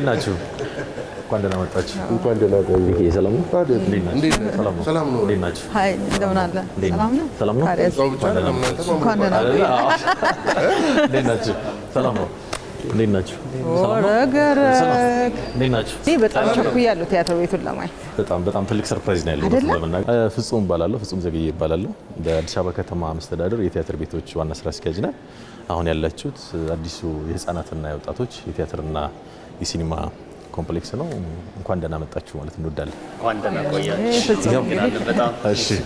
እንዴት ናችሁ? እንኳን ደህና መጣችሁ። እንኳን ደህና ቆዩ። ሰላም ነው። ናችሁ? ሰላም ነው። እንዴት ናችሁ? ሰላም እንዴት ናችሁ? በጣም ቸኩያለሁ ቲያትር ቤቱን ለማየት። በጣም በጣም ትልቅ ሰርፕራይዝ ነው ያለው ፍጹም እባላለሁ፣ ፍጹም ዘገየ እባላለሁ። በአዲስ አበባ ከተማ መስተዳደር የቲያትር ቤቶች ዋና ስራ አስኪያጅ ነኝ። አሁን ያላችሁት አዲሱ የህፃናትና የወጣቶች የቲያትርና የሲኒማ ኮምፕሌክስ ነው። እንኳን ደህና መጣችሁ ማለት እንወዳለን። እንኳን ደህና ቆያችሁ።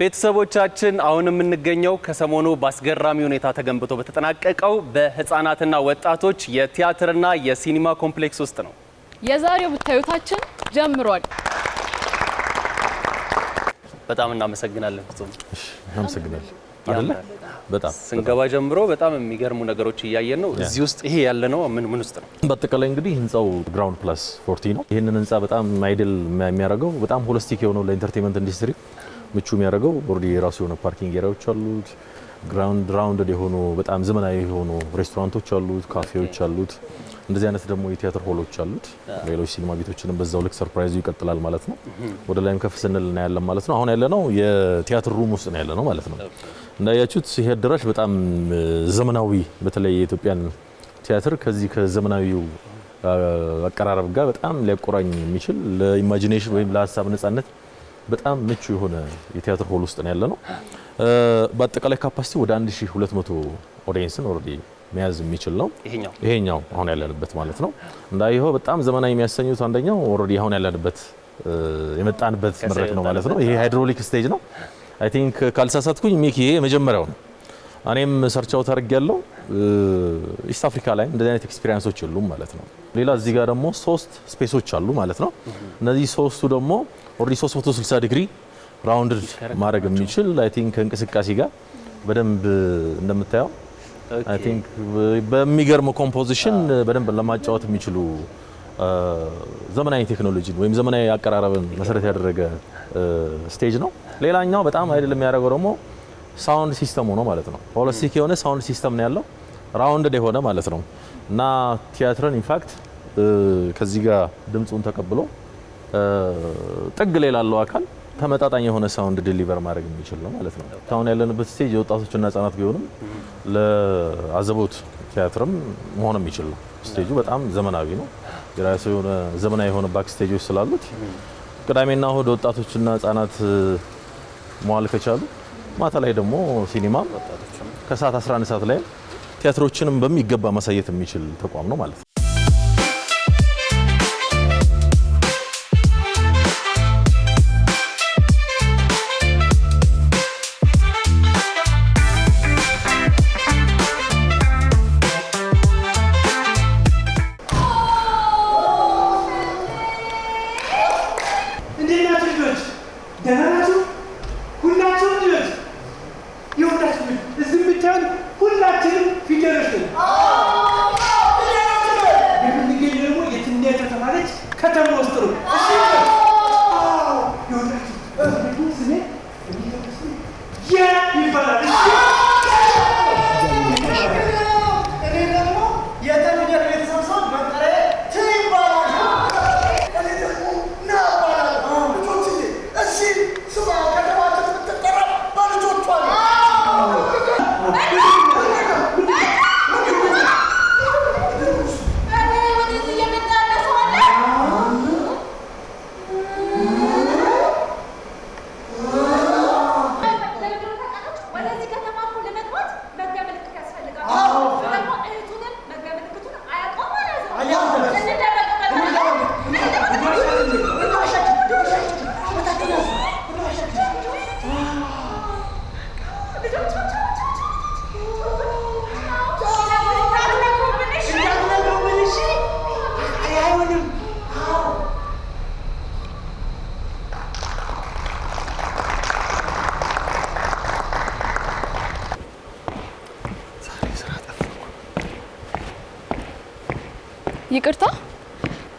ቤተሰቦቻችን አሁን የምንገኘው ከሰሞኑ በአስገራሚ ሁኔታ ተገንብቶ በተጠናቀቀው በህፃናትና ወጣቶች የቲያትርና የሲኒማ ኮምፕሌክስ ውስጥ ነው። የዛሬው ብታዩታችን ጀምሯል። በጣም እናመሰግናለን። ፍጹም እናመሰግናለን። በጣም ስንገባ ጀምሮ በጣም የሚገርሙ ነገሮች እያየን ነው። እዚህ ውስጥ ይሄ ያለ ነው ምን ምን ውስጥ ነው? በአጠቃላይ እንግዲህ ህንፃው ግራውንድ ፕላስ ፎርቲ ነው። ይህንን ህንፃ በጣም አይድል የሚያደርገው በጣም ሆሊስቲክ የሆነው ለኢንተርቴንመንት ኢንዱስትሪ ምቹ የሚያደርገው ኦልሬዲ የራሱ የሆነ ፓርኪንግ ኤሪያዎች አሉት። ግራውንድ ራውንድ የሆኑ በጣም ዘመናዊ የሆኑ ሬስቶራንቶች አሉት፣ ካፌዎች አሉት። እንደዚህ አይነት ደግሞ የቲያትር ሆሎች አሉት። ሌሎች ሲኒማ ቤቶችንም በዛው ልክ ሰርፕራይዙ ይቀጥላል ማለት ነው። ወደ ላይም ከፍ ስንል እናያለን ማለት ነው። አሁን ያለነው የቲያትር ሩም ውስጥ ነው ያለነው ማለት ነው። እንዳያችሁት ይሄ አዳራሽ በጣም ዘመናዊ በተለይ የኢትዮጵያን ቲያትር ከዚህ ከዘመናዊው አቀራረብ ጋር በጣም ሊያቆራኝ የሚችል ለኢማጂኔሽን ወይም ለሀሳብ ነጻነት በጣም ምቹ የሆነ የቲያትር ሆል ውስጥ ነው ያለ ነው። በአጠቃላይ ካፓሲቲ ወደ 1200 ኦዲየንስን ኦልሬዲ መያዝ የሚችል ነው ይሄኛው አሁን ያለንበት ማለት ነው። እንዳየኸው በጣም ዘመናዊ የሚያሰኙት አንደኛው ኦልሬዲ አሁን ያለንበት የመጣንበት መድረክ ነው ማለት ነው። ይሄ ሃይድሮሊክ ስቴጅ ነው። አይ ቲንክ ካልሳሳትኩኝ ሚክ ይሄ የመጀመሪያው ነው። እኔም ሰርቻው ታርግ ያለው ኢስት አፍሪካ ላይ እንደዚህ አይነት ኤክስፒሪየንሶች የሉም ማለት ነው። ሌላ እዚህ ጋር ደግሞ ሶስት ስፔሶች አሉ ማለት ነው። እነዚህ ሶስቱ ደግሞ ኦልሬዲ 360 ዲግሪ ራውንድድ ማድረግ የሚችል አይ ቲንክ ከእንቅስቃሴ ጋር በደንብ እንደምታየው አይ ቲንክ በሚገርም ኮምፖዚሽን በደንብ ለማጫወት የሚችሉ ዘመናዊ ቴክኖሎጂን ወይም ዘመናዊ አቀራረብን መሰረት ያደረገ ስቴጅ ነው። ሌላኛው በጣም አይደለም የሚያደርገው ደግሞ ሳውንድ ሲስተሙ ነው ማለት ነው። ሆሊስቲክ የሆነ ሳውንድ ሲስተም ነው ያለው ራውንድድ የሆነ ማለት ነው እና ቲያትርን ኢንፋክት ከዚህ ጋር ድምፁን ተቀብሎ ጥግ ላይ ላለው አካል ተመጣጣኝ የሆነ ሳውንድ ዲሊቨር ማድረግ የሚችል ነው ማለት ነው። አሁን ያለንበት ስቴጅ የወጣቶችና ህጻናት ቢሆንም ለአዘቦት ቲያትርም መሆን የሚችል ነው። ስቴጁ በጣም ዘመናዊ ነው። የራሱ የሆነ ዘመናዊ የሆነ ባክ ስቴጆች ስላሉት ቅዳሜና እሁድ ወጣቶችና ህጻናት መዋል ከቻሉ ማታ ላይ ደግሞ ሲኒማም ከሰዓት 11 ሰዓት ላይ ቲያትሮችንም በሚገባ ማሳየት የሚችል ተቋም ነው ማለት ነው።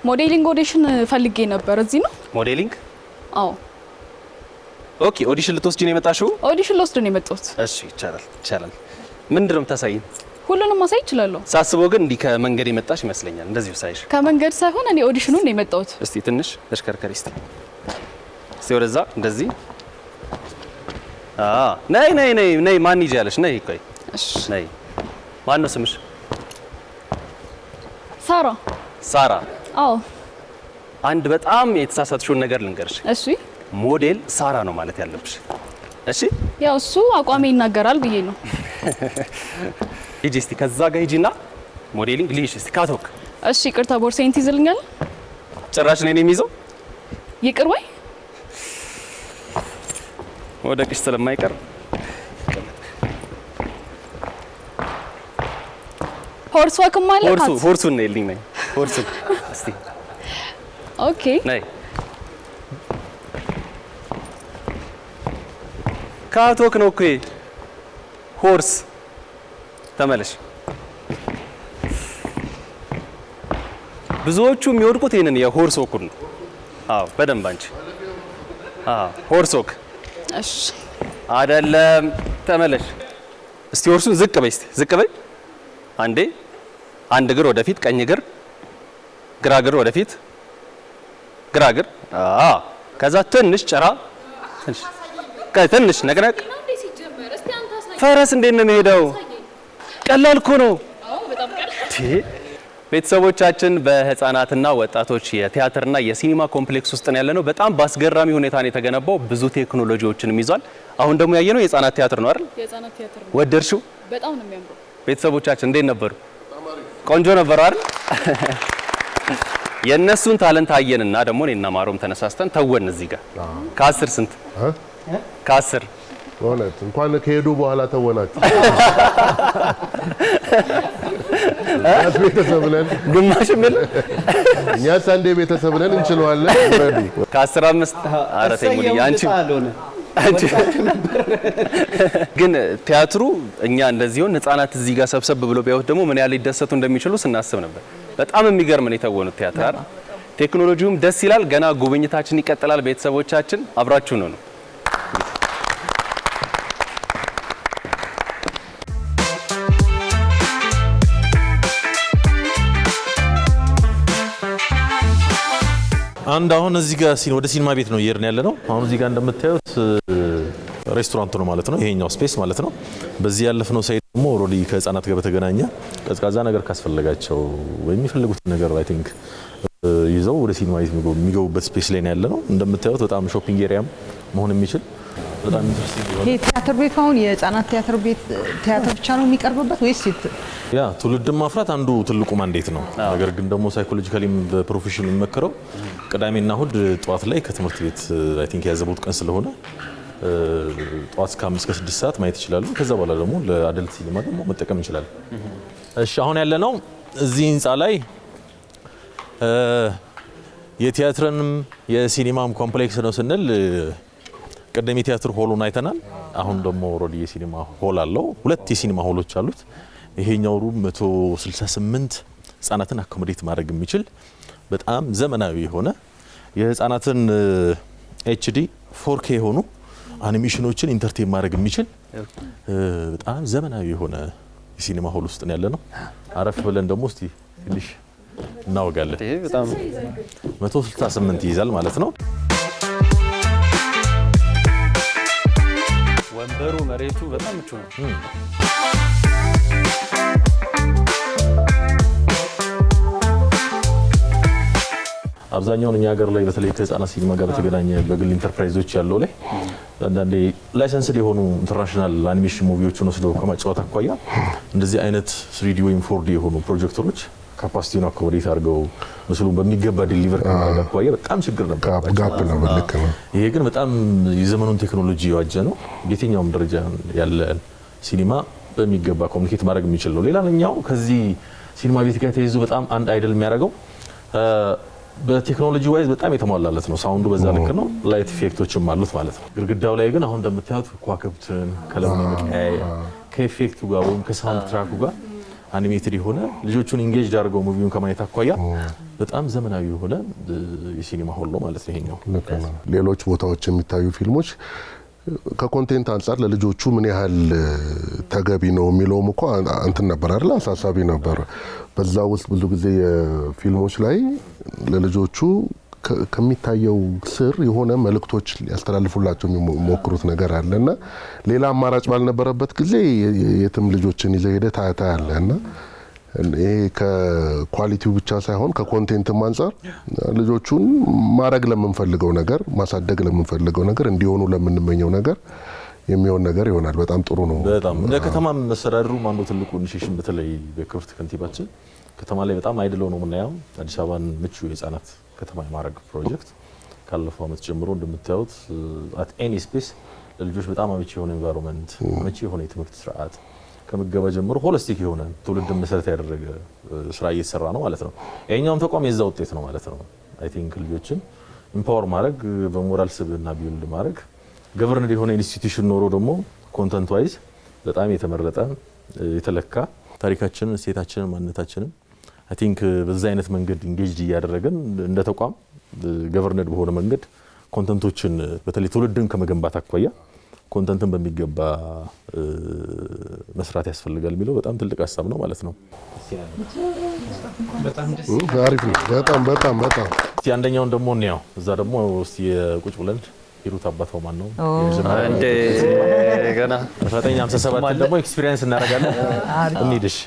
ሞዴሊንግ ኦዲሽን ፈልጌ ነበር። እዚህ ነው ሞዴሊንግ? አዎ። ኦኬ። ኦዲሽን ልትወስጂ ነው የመጣሽው? ኦዲሽን ልወስድ ነው የመጣሁት። እሺ፣ ይቻላል፣ ይቻላል። ምንድን ነው የምታሳይን? ሁሉንም ማሳይ እችላለሁ። ሳስበው ግን እንዲህ ከመንገድ የመጣሽ ይመስለኛል። እንደዚህ ሳይሽ ከመንገድ ሳይሆን እኔ ኦዲሽኑን ነው የመጣሁት። እስቲ ትንሽ ተሽከርከሪ እስቲ እስቲ ወደዛ። እንደዚህ ነይ ነይ ነይ ነይ። ማን ይዤ አለሽ? ነይ ቆይ። እሺ ነይ። ማን ነው ስምሽ? ሳራ። ሳራ አዎ አንድ በጣም የተሳሳትሽውን ነገር ልንገርሽ። እሺ ሞዴል ሳራ ነው ማለት ያለብሽ። እሺ ያው እሱ አቋሚ ይናገራል ብዬ ነው። ሂጂ እስቲ ከዛ ጋር ሂጂና ሞዴሊንግ ልይሽ እስቲ ካቶክ። እሺ ይቅርታ፣ ቦርሳዬን ትይዝልኛል? ጭራሽ ነው የሚይዘው። ይቅር ወይ ወደቅሽ ስለማይቀር ሆርስ ዋክም አለ ሆርሱ ሆርሱን ነው ይልኝ ነኝ ሆርሱ እስቲ ኦኬ ነይ። ካቶክ ነው እኮ ሆርስ። ተመለሽ። ብዙዎቹ የሚወድቁት ይህንን የሆርስ ወኩን ነው። አዎ፣ በደንብ አንቺ። ሆርስ ወክ። እሺ፣ አይደለም። ተመለሽ እስቲ። ሆርሱን ዝቅ በይ፣ እስቲ ዝቅ በይ። አንዴ አንድ እግር ወደፊት፣ ቀኝ እግር ግራግር ወደፊት ግራግር። ከዛ ትንሽ ጭራ፣ ትንሽ ነቅነቅ። ፈረስ እንዴት ነው የሚሄደው? ቀላል እኮ ነው። ቤተሰቦቻችን በህፃናትና ወጣቶች የቲያትርና የሲኒማ ኮምፕሌክስ ውስጥ ነው ያለነው። በጣም በአስገራሚ ሁኔታ ነው የተገነባው። ብዙ ቴክኖሎጂዎችንም ይዟል። አሁን ደግሞ ያየነው የህፃናት ቲያትር ነው አይደል? የህፃናት ቲያትር ነው። ወደድሽው? በጣም ነው የሚያምረው። ቤተሰቦቻችን እንዴት ነበሩ? ቆንጆ ነበሩ አይደል? የእነሱን ታለንት አየንና ደግሞ እኔና ማሮም ተነሳስተን ተወን። እዚህ ጋር ከአስር ስንት ከአስር በእውነት እንኳን ከሄዱ በኋላ ተወናችሁ። ቤተሰብ ነን፣ ግማሽም የለም። እኛስ አንዴ ቤተሰብ ነን እንችለዋለን። ከአስር አምስት ግን ቲያትሩ እኛ እንደዚህ ሆን ህጻናት እዚህ ጋር ሰብሰብ ብሎ ቢያዩት ደግሞ ምን ያህል ሊደሰቱ እንደሚችሉ ስናስብ ነበር። በጣም የሚገርም ነው የተወኑት ቲያትር። ቴክኖሎጂውም ደስ ይላል። ገና ጉብኝታችን ይቀጥላል። ቤተሰቦቻችን አብራችሁ ነው ነው አንድ አሁን እዚህ ጋር ሲን ወደ ሲኒማ ቤት ነው እየሄድን ያለ ነው። አሁን እዚህ ጋር እንደምታዩት ሬስቶራንቱ ነው ማለት ነው። ይሄኛው ስፔስ ማለት ነው። በዚህ ያለፍነው ሳይድ ኦልሬዲ ከህፃናት ጋር በተገናኘ ቀዝቃዛ ነገር ካስፈለጋቸው ወይም ነገር አይ ቲንክ uh, ይዘው ወደ ሲኒማ የሚገቡበት ስፔስ ላይ ያለ ነው። እንደምታዩት በጣም ሾፒንግ ኤሪያም መሆን የሚችል በጣም ቲያትር ቤት አሁን የህፃናት ቲያትር ቤት ቲያትር ብቻ ነው የሚቀርብበት ወይስ ያ ትውልድን ማፍራት አንዱ ትልቁ ማንዴት ነው። ነገር ግን ደግሞ ሳይኮሎጂካሊም በፕሮፌሽን የሚመከረው ቅዳሜና እሁድ ጠዋት ላይ ከትምህርት ቤት አይ ቲንክ ያዘቡት ቀን ስለሆነ ጠዋት እስከ አምስት ከስድስት ሰዓት ማየት ይችላሉ። ከዛ በኋላ ደግሞ ለአደልት ሲኒማ ደግሞ መጠቀም ይችላል። እሺ አሁን ያለ ነው እዚህ ህንፃ ላይ የቲያትርንም የሲኒማም ኮምፕሌክስ ነው ስንል ቅድም የቲያትር ሆሉን አይተናል። አሁን ደግሞ ኦልሬዲ የሲኒማ ሆል አለው። ሁለት የሲኒማ ሆሎች አሉት። ይሄኛው ሩም 168 ህጻናትን አኮሞዴት ማድረግ የሚችል በጣም ዘመናዊ የሆነ የህጻናትን ኤችዲ ፎርኬ የሆኑ አኒሜሽኖችን ኢንተርቴን ማድረግ የሚችል በጣም ዘመናዊ የሆነ የሲኒማ ሆል ውስጥ ነው ያለ ነው። አረፍ ብለን ደግሞ እስቲ ትንሽ እናወጋለን። በጣም 168 ይይዛል ማለት ነው። ወንበሩ መሬቱ በጣም ምቹ ነው። አብዛኛውን እኛ ሀገር ላይ በተለይ ከህፃናት ሲኒማ ጋር በተገናኘ በግል ኢንተርፕራይዞች ያለው ላይ አንዳንዴ ላይሰንስድ የሆኑ ኢንተርናሽናል አኒሜሽን ሙቪዎችን ወስደው ከመጫወት አኳያ እንደዚህ አይነት ስሪዲ ወይም ፎርዲ የሆኑ ፕሮጀክተሮች ካፓሲቲውን አኮሞዴት አድርገው ምስሉን በሚገባ ዲሊቨር ከማድረግ አኳያ በጣም ችግር ነበር። ይሄ ግን በጣም የዘመኑን ቴክኖሎጂ የዋጀ ነው። የትኛውም ደረጃ ያለ ሲኒማ በሚገባ ኮሚኒኬት ማድረግ የሚችል ነው። ሌላኛው ከዚህ ሲኒማ ቤት ጋር ተይዞ በጣም አንድ አይደል የሚያደርገው በቴክኖሎጂ ዋይዝ በጣም የተሟላለት ነው። ሳውንዱ በዛ ልክ ነው። ላይት ኢፌክቶችም አሉት ማለት ነው። ግድግዳው ላይ ግን አሁን እንደምታዩት ከዋክብትን ከለሆነ መቀያየ ከኢፌክቱ ጋር ወይም ከሳውንድ ትራኩ ጋር አኒሜትድ የሆነ ልጆቹን ኢንጌጅ ዳርገው ሙቪውን ከማየት አኳያ በጣም ዘመናዊ የሆነ የሲኒማ ሆል ነው ማለት ነው ይሄኛው። ሌሎች ቦታዎች የሚታዩ ፊልሞች ከኮንቴንት አንጻር ለልጆቹ ምን ያህል ተገቢ ነው የሚለውም እኮ እንትን ነበር አይደል? አሳሳቢ ነበር። በዛ ውስጥ ብዙ ጊዜ የፊልሞች ላይ ለልጆቹ ከሚታየው ስር የሆነ መልእክቶች ሊያስተላልፉላቸው የሚሞክሩት ነገር አለ እና ሌላ አማራጭ ባልነበረበት ጊዜ የትም ልጆችን ሄደ ታያታ ያለ እና ይሄ ከኳሊቲው ብቻ ሳይሆን ከኮንቴንትም አንጻር ልጆቹን ማድረግ ለምንፈልገው ነገር ማሳደግ ለምንፈልገው ነገር እንዲሆኑ ለምንመኘው ነገር የሚሆን ነገር ይሆናል። በጣም ጥሩ ነው። በጣም እንደ ከተማ መስተዳድሩ አንዱ ትልቁ ኢኒሼሽን በተለይ በክብርት ከንቲባችን ከተማ ላይ በጣም አይድለው ነው የምናየው አዲስ አበባን ምቹ የህፃናት ከተማ የማድረግ ፕሮጀክት ካለፈው ዓመት ጀምሮ እንደምታዩት አት ኤኒ ስፔስ ለልጆች በጣም አመቺ የሆነ ኤንቫይሮንመንት፣ አመቺ የሆነ የትምህርት ስርዓት ከምገባ ጀምሮ ሆለስቲክ የሆነ ትውልድ መሰረት ያደረገ ስራ እየተሰራ ነው ማለት ነው። ይሄኛውም ተቋም የዛ ውጤት ነው ማለት ነው። አይ ቲንክ ልጆችን ኢምፓወር ማድረግ በሞራል ስብዕና ቢውልድ ማድረግ ገቨርነድ የሆነ ኢንስቲትዩሽን ኖሮ ደግሞ ኮንተንት ዋይዝ በጣም የተመረጠ የተለካ ታሪካችንን፣ እሴታችንን፣ ማንነታችንን አይ ቲንክ በዛ አይነት መንገድ ኢንጌጅድ እያደረገን እንደ ተቋም ገቨርነድ በሆነ መንገድ ኮንተንቶችን በተለይ ትውልድን ከመገንባት አኳያ ኮንተንትን በሚገባ መስራት ያስፈልጋል የሚለው በጣም ትልቅ ሀሳብ ነው ማለት ነው። አሪፍ ነው። በጣም በጣም በጣም እስቲ አንደኛውን ደግሞ እንያው። እዛ ደግሞ እስቲ ቁጭ ብለን ሂሩት አባታው ማን ነው ገና 1957 ደግሞ ኤክስፒሪየንስ እናደርጋለን። እንሂድሽ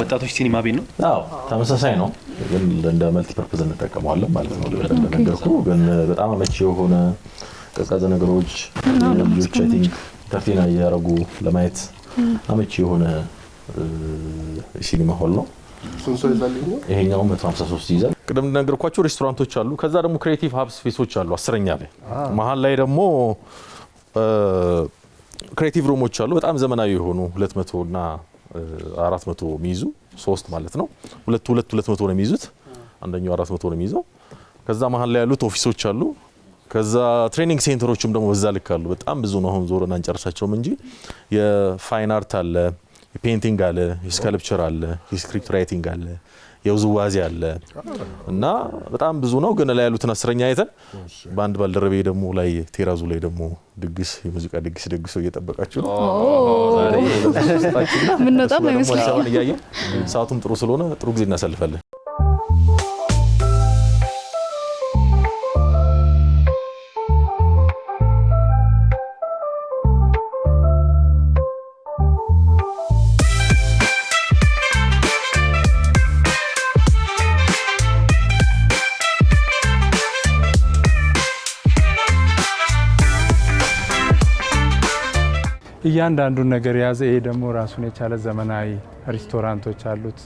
ወጣቶች ሲኒማ ቤት ነው። አዎ ተመሳሳይ ነው፣ ግን እንደ መልቲ ፐርፐዝ እንጠቀመዋለን ማለት ነው። እንደነገርኩ ግን በጣም አመቺ የሆነ ቀዝቃዛ ነገሮች ልጆች አይ ቲንክ እያደረጉ ለማየት አመቺ የሆነ ሲኒማ ሆል ነው። ይሄኛው 153 ይይዛል። ቅድም እንደነገርኳቸው ሬስቶራንቶች አሉ። ከዛ ደግሞ ክሬቲቭ ሀብ ስፔሶች አሉ። አስረኛ ላይ መሀል ላይ ደግሞ ክሬቲቭ ሩሞች አሉ። በጣም ዘመናዊ የሆኑ 200 እና አራት መቶ የሚይዙ ሶስት ማለት ነው። ሁለት ሁለት ሁለት መቶ ነው የሚይዙት። አንደኛው አራት መቶ ነው የሚይዘው። ከዛ መሀል ላይ ያሉት ኦፊሶች አሉ። ከዛ ትሬኒንግ ሴንተሮችም ደግሞ በዛ ልክ አሉ። በጣም ብዙ ነው። አሁን ዞረን አንጨርሳቸውም እንጂ የፋይን አርት አለ፣ የፔንቲንግ አለ፣ የስካልፕቸር አለ፣ የስክሪፕት ራይቲንግ አለ፣ የውዝዋዜ አለ እና በጣም ብዙ ነው። ግን ላይ ያሉትን አስረኛ አይተን በአንድ ባልደረቤ ደግሞ ላይ ቴራዙ ላይ ደግሞ ድግስ የሙዚቃ ድግስ ደግሶ እየጠበቃችሁ ነው። ምንወጣ ይመስላል። ሰዓቱም ጥሩ ስለሆነ ጥሩ ጊዜ እናሳልፋለን። እያንዳንዱን ነገር የያዘ ይሄ ደግሞ ራሱን የቻለ ዘመናዊ ሬስቶራንቶች አሉት።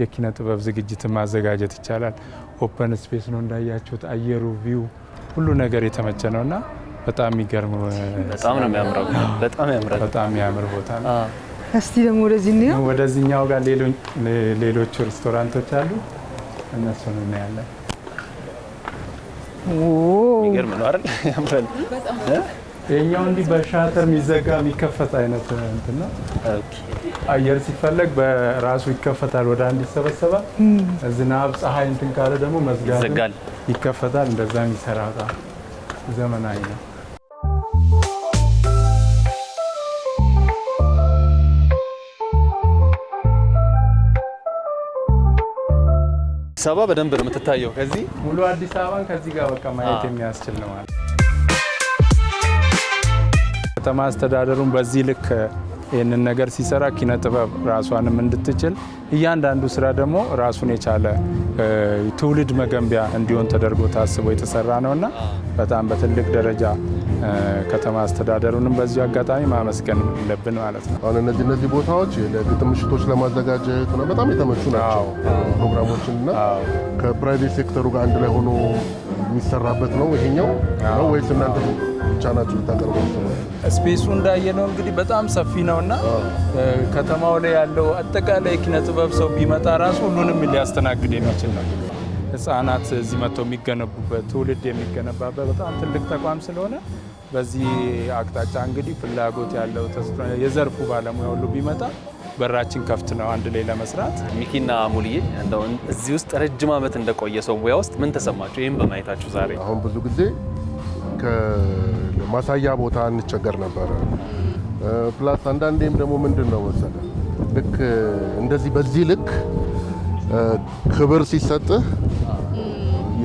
የኪነ ጥበብ ዝግጅትን ማዘጋጀት ይቻላል። ኦፐን ስፔስ ነው እንዳያችሁት፣ አየሩ፣ ቪው ሁሉ ነገር የተመቸ ነው እና በጣም የሚገርም በጣም ነው የሚያምረው። በጣም ያምራል። በጣም የሚያምር ቦታ ነው። እስቲ ደግሞ ወደዚህ ወደዚህኛው ጋር ሌሎቹ ሬስቶራንቶች አሉ። እነሱን እናያለን። የሚገርም ነው አይደል? ያምራል። የኛው እንዲህ በሻተር የሚዘጋ የሚከፈት አይነት እንትን ነው። አየር ሲፈለግ በራሱ ይከፈታል፣ ወደ አንድ ይሰበሰባል። ዝናብ ፀሐይ እንትን ካለ ደግሞ መዝጋት ይከፈታል። እንደዛ የሚሰራ በጣም ዘመናዊ ነው። አዲስ አበባ በደንብ ነው የምትታየው። ከዚህ ሙሉ አዲስ አበባን ከዚህ ጋር በቃ ማየት የሚያስችል ነው ማለት ከተማ አስተዳደሩን በዚህ ልክ ይህንን ነገር ሲሰራ ኪነ ጥበብ ራሷንም እንድትችል እያንዳንዱ ስራ ደግሞ ራሱን የቻለ ትውልድ መገንቢያ እንዲሆን ተደርጎ ታስቦ የተሰራ ነውና በጣም በትልቅ ደረጃ ከተማ አስተዳደሩንም በዚሁ አጋጣሚ ማመስገን አለብን ማለት ነው። አሁን እነዚህ እነዚህ ቦታዎች ለግጥም ምሽቶች ለማዘጋጀት በጣም የተመቹ ናቸው ፕሮግራሞችንና ከፕራይቬት ሴክተሩ ጋር አንድ ላይ ሆኖ የሚሰራበት ነው ይሄኛው ነው ወይስ እናንተ ብቻ ናቸው የምታቀርቡት? ስፔሱ እንዳየነው እንግዲህ በጣም ሰፊ ነው እና ከተማው ላይ ያለው አጠቃላይ ኪነ ጥበብ ሰው ቢመጣ ራሱ ሁሉንም ሊያስተናግድ የሚችል ነው። ህጻናት እዚህ መጥተው የሚገነቡበት ትውልድ የሚገነባበት በጣም ትልቅ ተቋም ስለሆነ በዚህ አቅጣጫ እንግዲህ ፍላጎት ያለው የዘርፉ ባለሙያ ሁሉ ቢመጣ በራችን ከፍት ነው አንድ ላይ ለመስራት። ሚኪና ሙልዬ እንደው እዚህ ውስጥ ረጅም ዓመት እንደቆየ ሰው ሙያ ውስጥ ምን ተሰማችሁ? ይህም በማየታችሁ ዛሬ አሁን ብዙ ጊዜ ከማሳያ ቦታ እንቸገር ነበረ። ፕላስ አንዳንዴም ደግሞ ምንድን ነው መሰለ ልክ እንደዚህ በዚህ ልክ ክብር ሲሰጥህ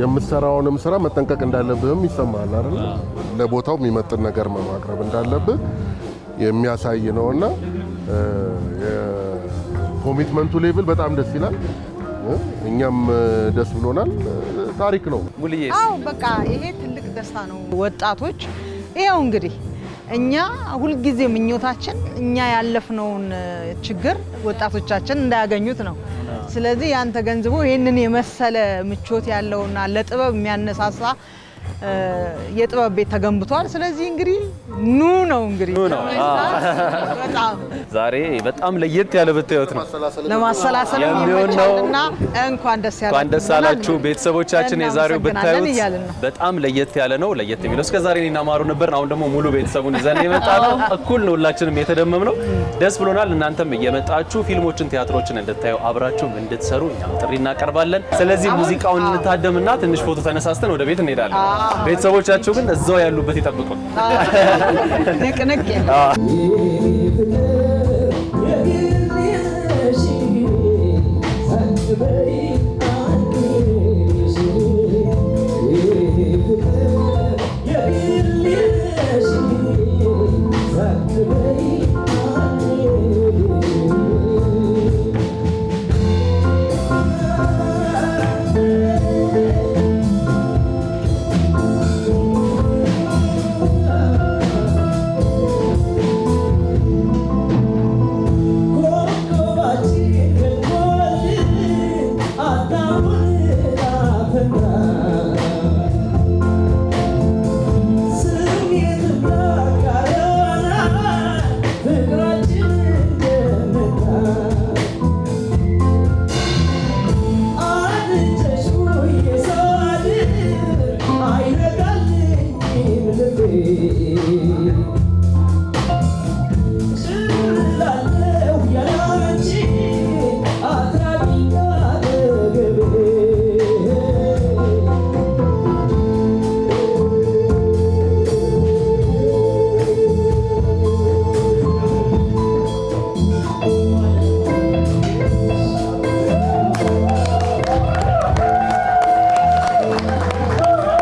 የምትሰራውንም ስራ መጠንቀቅ እንዳለብህም ይሰማል አይደል? ለቦታው የሚመጥን ነገር ማቅረብ እንዳለብህ የሚያሳይ ነውና የኮሚትመንቱ ሌቭል በጣም ደስ ይላል። እኛም ደስ ብሎናል። ታሪክ ነው ሙልዬ። አዎ በቃ ይሄ ትልቅ ደስታ ነው። ወጣቶች ይኸው እንግዲህ እኛ ሁልጊዜ ምኞታችን እኛ ያለፍነውን ችግር ወጣቶቻችን እንዳያገኙት ነው። ስለዚህ ያንተ ገንዝቦ ይህንን የመሰለ ምቾት ያለውና ለጥበብ የሚያነሳሳ የጥበብ ቤት ተገንብቷል። ስለዚህ እንግዲህ ኑ ነው እንግዲህ ዛሬ በጣም ለየት ያለ ብታዩት ነው ለማሰላሰል የሚሆን ነው እንኳን ደስ ያላችሁ፣ ቤተሰቦቻችን። የዛሬው ብታዩት በጣም ለየት ያለ ነው። ለየት የሚለው እስከ ዛሬ እኔና ማሩ ነበር። አሁን ደግሞ ሙሉ ቤተሰቡን ይዘን የመጣ ነው። እኩል ነው፣ ሁላችንም የተደመም ነው። ደስ ብሎናል። እናንተም እየመጣችሁ ፊልሞችን፣ ቲያትሮችን እንድታዩ አብራችሁም እንድትሰሩ እኛም ጥሪ እናቀርባለን። ስለዚህ ሙዚቃውን እንታደምና ትንሽ ፎቶ ተነሳስተን ወደ ቤት እንሄዳለን። ቤተሰቦቻቸው ግን እዛው ያሉበት ይጠብቁን። ንቅንቅ